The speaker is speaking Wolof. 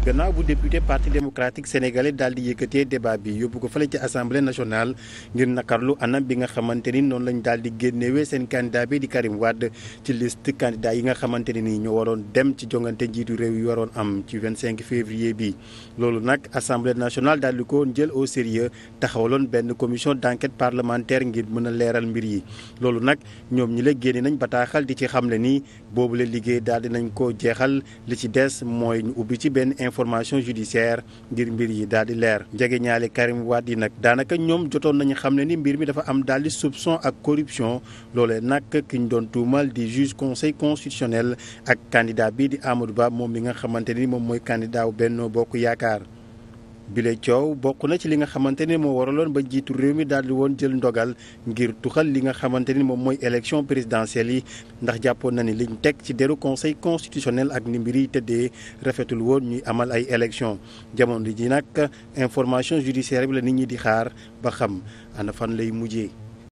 gannaaw bu député parti démocratique sénégalais daal di yëkkatee débat bi yóbbu ko fële ci assemblée nationale ngir nakarlu anam bi nga xamante ni noonu lañ daal di génnewee seen candidat bi di Karim Wade ci liste candidat yi nga xamante ne ni ñoo waroon dem ci jongante njiitu réew yi waroon am ci 25 février bi. loolu nag assemblée nationale daal di ko jël au sérieux taxawaloon benn commission d' parlementaire ngir mën a leeral mbir yi loolu nag ñoom ñi la génne nañ bataaxal di ci xamle ni boobu la liggéey daal di nañ ko jeexal li ci des mooy ñu ubbi ci benn information judiciaire ngir mbir yi daal di leer njege ñaale Karim Wade yi nag daanaka ñoom jotoon nañu xam ne ni mbir mi dafa am daal di soupçon ak corruption loolee nag ki ñu doon tuumal di juge conseil constitutionnel ak candidat bii di Amadou Ba moom mi nga xamante ni moom mooy candidat wu Benno Bokk Yaakaar. bile coow bokk na ci li nga xamante ni moo waraloon ba jiitu réew mi daal di woon jël ndogal ngir tuxal li nga xamante ni moom mooy élection présidentielle yi ndax jàppoon na ni ñu teg ci deru conseil constitutionnel ak ni mbir yi tëddee rafetul woon ñuy amal ay élection jamono ji nag information judiciaire bi la nit ñi di xaar ba xam ana fan lay mujjee.